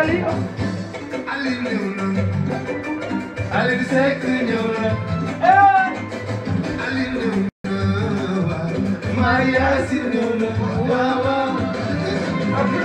Aliou Aliou ñëw na Aliou Seck ñëw na Aliou ñëw na Maria si ñëw na waaw waaw Aliou